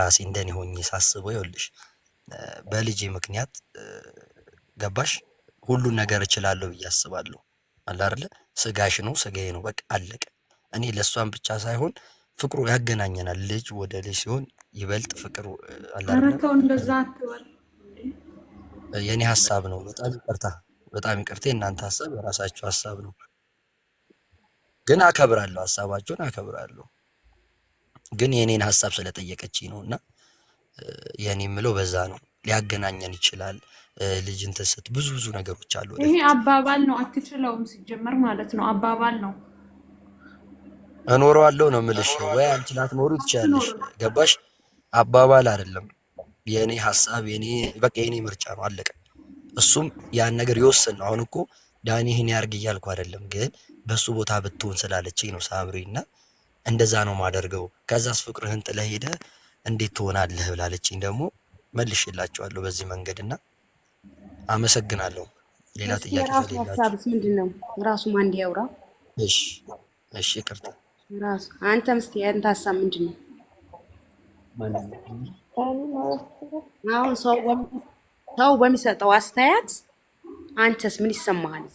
ራሴ እንደኔ ሆኜ ሳስበው ይኸውልሽ በልጄ ምክንያት ገባሽ ሁሉን ነገር እችላለሁ ብዬ አስባለሁ። አለ አይደለ ስጋሽ ነው ስጋዬ ነው በቃ አለቀ። እኔ ለእሷን ብቻ ሳይሆን ፍቅሩ ያገናኘናል። ልጅ ወደ ልጅ ሲሆን ይበልጥ ፍቅሩ አለ አይደለ። የእኔ ሀሳብ ነው። በጣም ይቅርታ፣ በጣም ይቅርታ። የእናንተ ሀሳብ የራሳችሁ ሀሳብ ነው፣ ግን አከብራለሁ፣ ሀሳባችሁን አከብራለሁ። ግን የእኔን ሀሳብ ስለጠየቀች ነው እና የእኔ የምለው በዛ ነው። ሊያገናኘን ይችላል። ልጅ እንተሰት ብዙ ብዙ ነገሮች አሉ። ይሄ አባባል ነው፣ አትችለውም ሲጀመር ማለት ነው። አባባል ነው። እኖረዋለሁ ነው የምልሽ። ወይ አንቺ ላትኖሩ ትችላለሽ። ገባሽ? አባባል አይደለም። የእኔ ሀሳብ በቃ የኔ ምርጫ ነው፣ አለቀ። እሱም ያን ነገር ይወስን አሁን እኮ ዳኒ ይህን ያርግ እያልኩ አይደለም፣ ግን በሱ ቦታ ብትሆን ስላለችኝ ነው ሳምሪ እና እንደዛ ነው ማደርገው። ከዛስ ፍቅርህን ጥለህ ሄደ እንዴት ትሆናለህ ብላለችኝ። ደግሞ መልሽላቸዋለሁ በዚህ መንገድ እና አመሰግናለሁ። ሌላ ጥያቄ ምንድን ነው? ራሱም አንድ ያውራ። እሺ፣ እሺ፣ ይቅርታ። ራሱ አንተም እስኪ አንተ ሀሳብ ምንድን ነው? አሁን ሰው በሚሰጠው አስተያየት አንተስ ምን ይሰማሃል?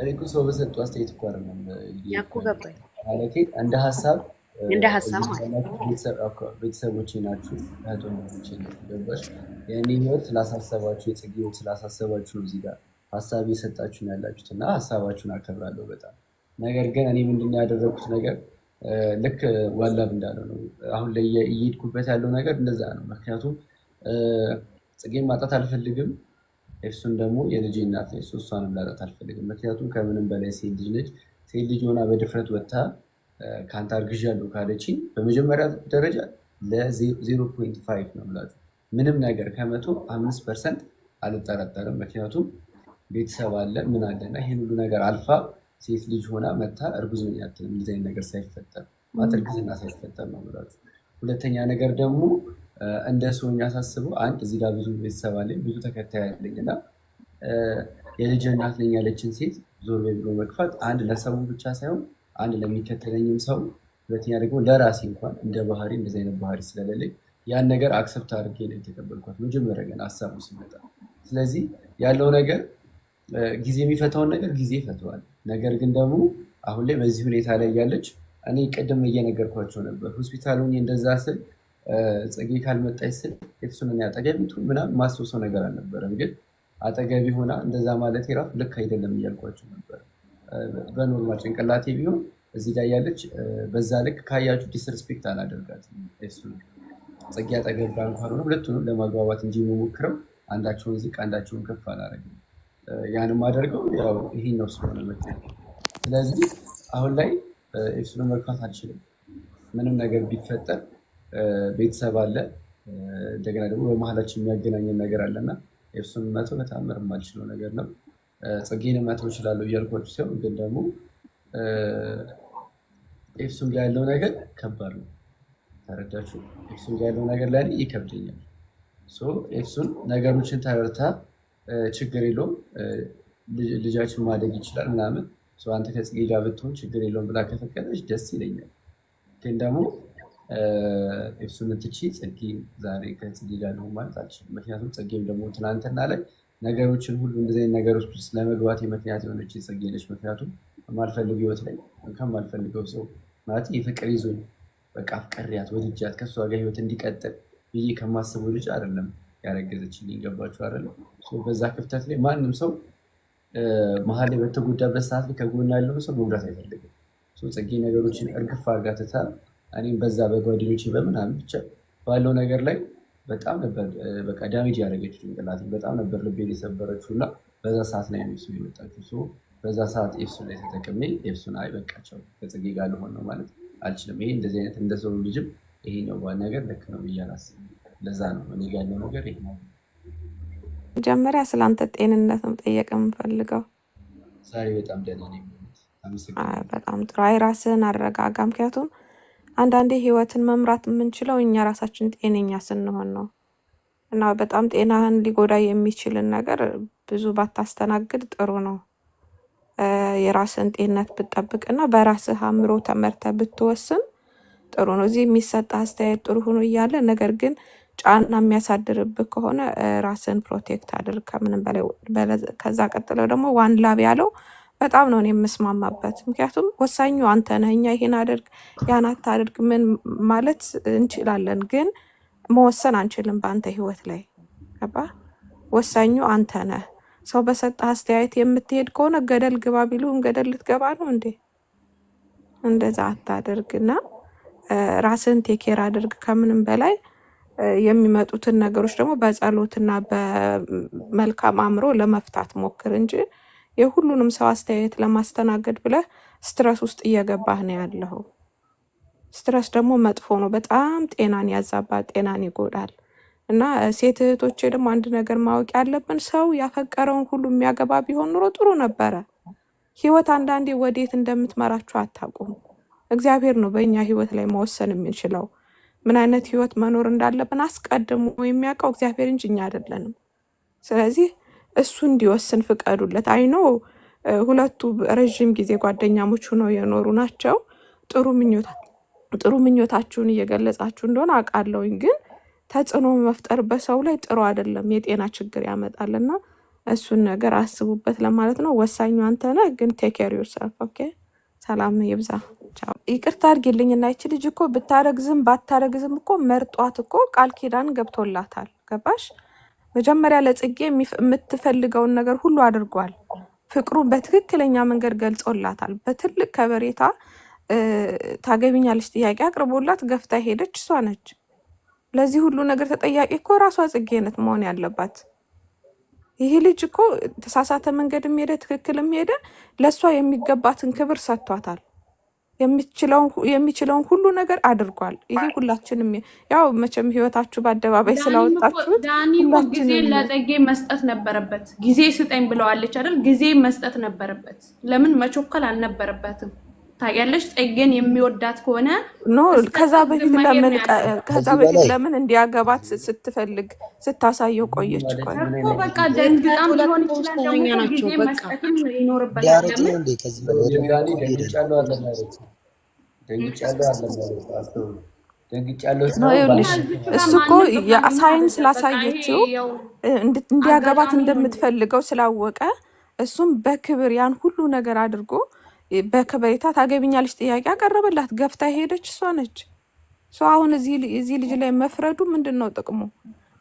እኔ እኮ ሰው በሰጡ አስተያየት እኮ አይደለም ያኮ ገባኝ ማለቴ እንደ ሀሳብ እንደ ሀሳብ ቤተሰቦቼ ናችሁ እህቶች ገባሽ የእኔ ህይወት ስላሳሰባችሁ የጽጌ ህይወት ስላሳሰባችሁ እዚህ ጋር ሀሳብ የሰጣችሁን ያላችሁት እና ሀሳባችሁን አከብራለሁ በጣም ነገር ግን እኔ ምንድን ያደረኩት ነገር ልክ ዋላብ እንዳለ ነው አሁን ላይ እየሄድኩበት ያለው ነገር እንደዛ ነው ምክንያቱም ጽጌን ማጣት አልፈልግም እሱን ደግሞ የልጅ እናት ነች። እሷንም ላጣት አልፈልግም። ምክንያቱም ከምንም በላይ ሴት ልጅ ነች። ሴት ልጅ ሆና በድፍረት ወጥታ ከአንተ አርግዣለሁ ካለችኝ በመጀመሪያ ደረጃ ለ0.5 ነው የምላት። ምንም ነገር ከመቶ አምስት ፐርሰንት አልጠረጠርም። ምክንያቱም ቤተሰብ አለ ምን አለና ይህን ሁሉ ነገር አልፋ ሴት ልጅ ሆና መታ እርጉዝ ነኝ አትልም። እንደዚህ ዓይነት ነገር ሳይፈጠር ማት ሳይፈጠር ነው የምላት። ሁለተኛ ነገር ደግሞ እንደ ሰውኝ ሳስበው አንድ እዚህ ጋር ብዙ ቤተሰብ አለኝ፣ ብዙ ተከታይ አለኝ እና የልጅ እናት ነኝ ያለችን ሴት ዞር በይ ብሎ መግፋት አንድ ለሰው ብቻ ሳይሆን አንድ ለሚከተለኝም ሰው፣ ሁለተኛ ደግሞ ለራሴ እንኳን እንደ ባህሪ እንደዚህ አይነት ባህሪ ስለሌለኝ ያን ነገር አክሰብት አድርጌ ነው የተቀበልኳት መጀመሪያ ግን ሀሳቡ ሲመጣ። ስለዚህ ያለው ነገር ጊዜ የሚፈታውን ነገር ጊዜ ይፈተዋል። ነገር ግን ደግሞ አሁን ላይ በዚህ ሁኔታ ላይ ያለች እኔ ቅድም እየነገርኳቸው ነበር ሆስፒታሉን እንደዛ ስል ጽጌ ካልመጣች ስል ኤፍሱን እኔ አጠገቢ ምናምን ማስወሰው ነገር አልነበረም፣ ግን አጠገቢ ሆና እንደዛ ማለት የራሱ ልክ አይደለም እያልኳቸው ነበር። በኖርማል ጭንቅላቴ ቢሆን እዚህ ጋር ያለች በዛ ልክ ካያችሁ ዲስርስፔክት አላደርጋትም። ኤፍሱን ጽጌ አጠገብ ባንኳ እንኳን ሆነ ሁለቱንም ለማግባባት እንጂ የሚሞክረው አንዳቸውን ዝቅ አንዳቸውን ከፍ አላደረግም። ያንም አደርገው ያው ይሄን ነው ስለሆነ መ ስለዚህ አሁን ላይ ኤፍሱን መግፋት አልችልም ምንም ነገር ቢፈጠር ቤተሰብ አለ። እንደገና ደግሞ በመሀላችን የሚያገናኘን ነገር አለና ኤፍሱን መተው በተአምር የማልችለው ነገር ነው። ጽጌን መተው እችላለሁ እያልኳችሁ ሲሆን ግን ደግሞ ኤፍሱን ጋር ያለው ነገር ከባድ ነው። ተረዳችሁ? ኤፍሱን ጋር ያለው ነገር ላይ ይከብደኛል። ኤፍሱን ነገሮችን ተረድታ ችግር የለውም ልጃችን ማደግ ይችላል ምናምን አንተ ከጽጌ ጋር ብትሆን ችግር የለውም ብላ ከፈቀደች ደስ ይለኛል ግን ደግሞ ኤፍሱን ምትቺ ጽጌ ዛሬ ከጽጌ ጋር ነው ማለት አልችልም። ምክንያቱም ጽጌም ደግሞ ትናንትና ላይ ነገሮችን ሁሉ እንደዚህ ነገር ውስጥ ውስጥ ለመግባት የምክንያት የሆነች ጽጌ ነች። ምክንያቱም ከማልፈልግ ህይወት ላይ ከማልፈልገው ሰው ማለት የፍቅር ይዞኝ በቃ አፍቀሪያት ወድጃት ከእሷ ጋር ህይወት እንዲቀጥል ብዬ ከማስበው ልጅ አይደለም ያረገዘች ገባችሁ አይደለም? በዛ ክፍተት ላይ ማንም ሰው መሀል ላይ በተጎዳበት ሰዓት ላይ ከጎን ያለውን ሰው መጉዳት አይፈልግም። ጽጌ ነገሮችን እርግፍ አርጋትታል። እኔም በዛ በጓደኞቼ በምናምን ብቻ ባለው ነገር ላይ በጣም ነበር በቃ ዳሜጅ ያደረገች ጭንቅላት በጣም ነበር ልቤን የሰበረችው እና በዛ ሰዓት ላይ ኤፍሱ የመጣችው በዛ ሰዓት ኤፍሱ ላይ ተጠቅሜ ኤፍሱን አይ በቃቸው ከጽጌ ጋር ልሆን ነው ማለት አልችልም። ይሄ እንደዚህ አይነት እንደ ሰው ልጅም ይሄኛው ነገር ልክ ነው ብዬ አላስብም። ለዛ ነው እኔ ያለው ነገር ይሄ ነው። መጀመሪያ ስለአንተ ጤንነት ነው ጠየቅ የምፈልገው። ዛሬ በጣም ደህና ነኝ። በጣም ጥሩ። አይ ራስህን አረጋጋ፣ ምክንያቱም አንዳንዴ ህይወትን መምራት የምንችለው እኛ ራሳችን ጤነኛ ስንሆን ነው እና በጣም ጤናህን ሊጎዳ የሚችልን ነገር ብዙ ባታስተናግድ ጥሩ ነው። የራስን ጤንነት ብጠብቅ እና በራስህ አእምሮ ተመርተ ብትወስን ጥሩ ነው። እዚህ የሚሰጥ አስተያየት ጥሩ ሆኖ እያለ ነገር ግን ጫና የሚያሳድርብህ ከሆነ ራስን ፕሮቴክት አድርግ ከምንም በላይ። ከዛ ቀጥለው ደግሞ ዋን ላብ ያለው በጣም ነው የምስማማበት። ምክንያቱም ወሳኙ አንተ ነህ። እኛ ይሄን አድርግ ያን አታድርግ ምን ማለት እንችላለን፣ ግን መወሰን አንችልም በአንተ ህይወት ላይ ገባ። ወሳኙ አንተ ነህ። ሰው በሰጠህ አስተያየት የምትሄድ ከሆነ ገደል ግባ ቢሉም ገደል ልትገባ ነው እንዴ? እንደዛ እና ራስህን ቴኬር አድርግ። ከምንም በላይ የሚመጡትን ነገሮች ደግሞ በጸሎትና በመልካም አእምሮ ለመፍታት ሞክር እንጂ የሁሉንም ሰው አስተያየት ለማስተናገድ ብለህ ስትረስ ውስጥ እየገባህ ነው ያለው። ስትረስ ደግሞ መጥፎ ነው። በጣም ጤናን ያዛባል፣ ጤናን ይጎዳል። እና ሴት እህቶቼ ደግሞ አንድ ነገር ማወቅ ያለብን ሰው ያፈቀረውን ሁሉ የሚያገባ ቢሆን ኑሮ ጥሩ ነበረ። ህይወት አንዳንዴ ወዴት እንደምትመራችሁ አታውቁም። እግዚአብሔር ነው በእኛ ህይወት ላይ መወሰን የምንችለው። ምን አይነት ህይወት መኖር እንዳለብን አስቀድሞ የሚያውቀው እግዚአብሔር እንጂ እኛ አይደለንም። ስለዚህ እሱ እንዲወስን ፍቀዱለት። አይኖ ሁለቱ ረዥም ጊዜ ጓደኛሞች ሆነው የኖሩ ናቸው። ጥሩ ምኞታችሁን እየገለጻችሁ እንደሆነ አውቃለሁኝ፣ ግን ተጽዕኖ መፍጠር በሰው ላይ ጥሩ አይደለም፣ የጤና ችግር ያመጣልና እሱን ነገር አስቡበት ለማለት ነው። ወሳኙ አንተ ነህ፣ ግን ቴኬር ዩርሰልፍ ኦኬ። ሰላም ይብዛ። ይቅርታ አድርጊልኝ እና ይቺ ልጅ እኮ ብታረግዝም ባታረግዝም እኮ መርጧት እኮ ቃል ኪዳን ገብቶላታል። ገባሽ? መጀመሪያ ለጽጌ የምትፈልገውን ነገር ሁሉ አድርጓል። ፍቅሩን በትክክለኛ መንገድ ገልጾላታል። በትልቅ ከበሬታ ታገቢኛለች ጥያቄ አቅርቦላት ገፍታ ሄደች። እሷ ነች ለዚህ ሁሉ ነገር ተጠያቂ እኮ ራሷ ጽጌነት መሆን ያለባት። ይህ ልጅ እኮ ተሳሳተ መንገድም ሄደ ትክክልም ሄደ፣ ለእሷ የሚገባትን ክብር ሰጥቷታል። የሚችለውን ሁሉ ነገር አድርጓል። ይሄ ሁላችንም ያው መቼም ህይወታችሁ በአደባባይ ስላወጣችሁ ዳኒ ጊዜ ለጸጌ መስጠት ነበረበት። ጊዜ ስጠኝ ብለዋለች አይደል? ጊዜ መስጠት ነበረበት። ለምን መቾከል አልነበረበትም? ታውቂያለሽ ጸጌን የሚወዳት ከሆነ ኖ ከዛ በፊት ለምን ከዛ በፊት ለምን እንዲያገባት ስትፈልግ ስታሳየው ቆየች። እኮ በቃ ደንግጣም ሊሆን ይችላል። ይኖርበታል። ይኸውልሽ እሱ እኮ ሳይን ስላሳየችው እንዲያገባት እንደምትፈልገው ስላወቀ እሱም በክብር ያን ሁሉ ነገር አድርጎ በከበሬታ ታገቢኛለች ጥያቄ ያቀረበላት ገፍታ ሄደች። እሷ ነች ሰው። አሁን እዚህ ልጅ ላይ መፍረዱ ምንድን ነው ጥቅሙ?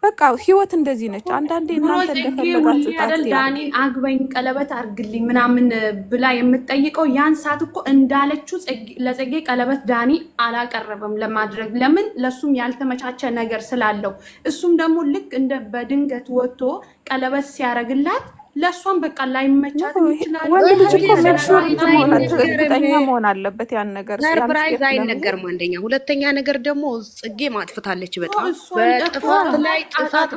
በቃ ህይወት እንደዚህ ነች። አንዳንዴ እናንተ እንደፈለጋችሁ ዳኒን ቀለበት አርግልኝ ምናምን ብላ የምትጠይቀው ያን ሰዓት እኮ እንዳለችው ለጸጌ ቀለበት ዳኒ አላቀረበም ለማድረግ። ለምን ለሱም ያልተመቻቸ ነገር ስላለው እሱም ደግሞ ልክ እንደ በድንገት ወጥቶ ቀለበት ሲያረግላት ለእሷም በቃ ላይመቻት መሆን አለበት ያን ነገር። ሰርፕራይዝ አይነገርም አንደኛ። ሁለተኛ ነገር ደግሞ ጽጌ ማጥፍታለች። በጣም በጥፋት ላይ ጥፋት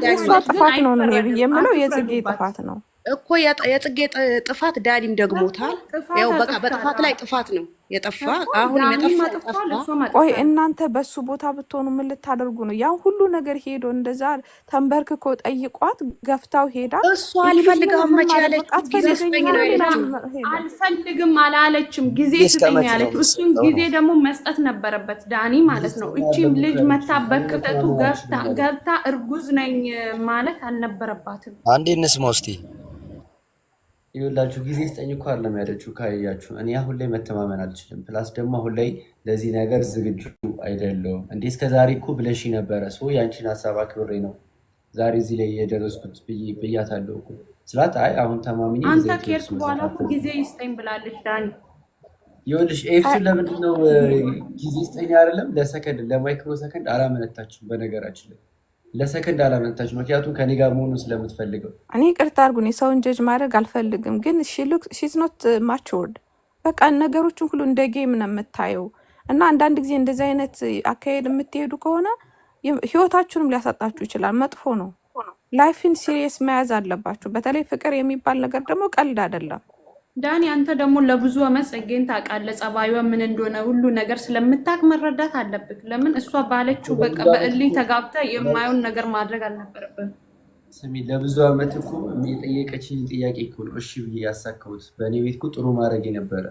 ጥፋት ነው ነው የምለው የጽጌ ጥፋት ነው እኮ የጽጌ ጥፋት ዳዲም ደግሞታል። ያው በቃ በጥፋት ላይ ጥፋት ነው የጠፋ አሁን ቆይ እናንተ በሱ ቦታ ብትሆኑ ምን ልታደርጉ ነው? ያን ሁሉ ነገር ሄዶ እንደዛ ተንበርክኮ ጠይቋት ገፍታው ሄዳ እሷ አልፈልግም መቼ አልፈልግም አላለችም። ጊዜ ስጠኝ ያለች እሱን ጊዜ ደግሞ መስጠት ነበረበት ዳኒ ማለት ነው። እቺም ልጅ መታበት ቅጠቱ ገብታ እርጉዝ ነኝ ማለት አልነበረባትም። አንዴ እንስማ እስኪ ይወላችሁ ጊዜ ስጠኝ እኮ አይደለም ያለችው። ካያችሁ እኔ አሁን ላይ መተማመን አልችልም። ፕላስ ደግሞ አሁን ላይ ለዚህ ነገር ዝግጁ አይደለውም። እንዴ እስከ ዛሬ እኮ ብለሽ ነበረ። ሰው የአንቺን ሀሳብ አክብሬ ነው ዛሬ እዚህ ላይ የደረስኩት ብያታለሁ እኮ ስላት፣ አይ አሁን ተማምኝ አንተ ከሄድክ በኋላ ጊዜ ይስጠኝ ብላለች። ዳኒ ይኸውልሽ ኤፍሱን ለምንድነው ጊዜ ስጠኝ አይደለም ለሰከንድ ለማይክሮ ሰከንድ አላመነታችሁም በነገራችን ላይ ለሰከንድ አላመነታች። ምክንያቱም ከኔ ጋር መሆኑን ስለምትፈልገው እኔ ቅርታ አርጉን የሰውን ጀጅ ማድረግ አልፈልግም፣ ግን ሺዝ ኖት ማችወርድ በቃ ነገሮችን ሁሉ እንደ ጌም ነው የምታየው። እና አንዳንድ ጊዜ እንደዚህ አይነት አካሄድ የምትሄዱ ከሆነ ህይወታችሁንም ሊያሳጣችሁ ይችላል። መጥፎ ነው። ላይፍን ሲሪየስ መያዝ አለባችሁ። በተለይ ፍቅር የሚባል ነገር ደግሞ ቀልድ አይደለም። ዳኒ አንተ ደግሞ ለብዙ አመት ጽጌን ታውቃለህ። ጸባዩ ምን እንደሆነ ሁሉ ነገር ስለምታውቅ መረዳት አለብህ። ለምን እሷ ባለችው በቃ በእልኝ ተጋብተህ የማየውን ነገር ማድረግ አልነበረብህም። ስሚ ለብዙ አመት እኮ የጠየቀችኝ ጥያቄ እኮ ነው እሺ ብዬ ያሳካሁት። በእኔ ቤት እኮ ጥሩ ማድረግ የነበረ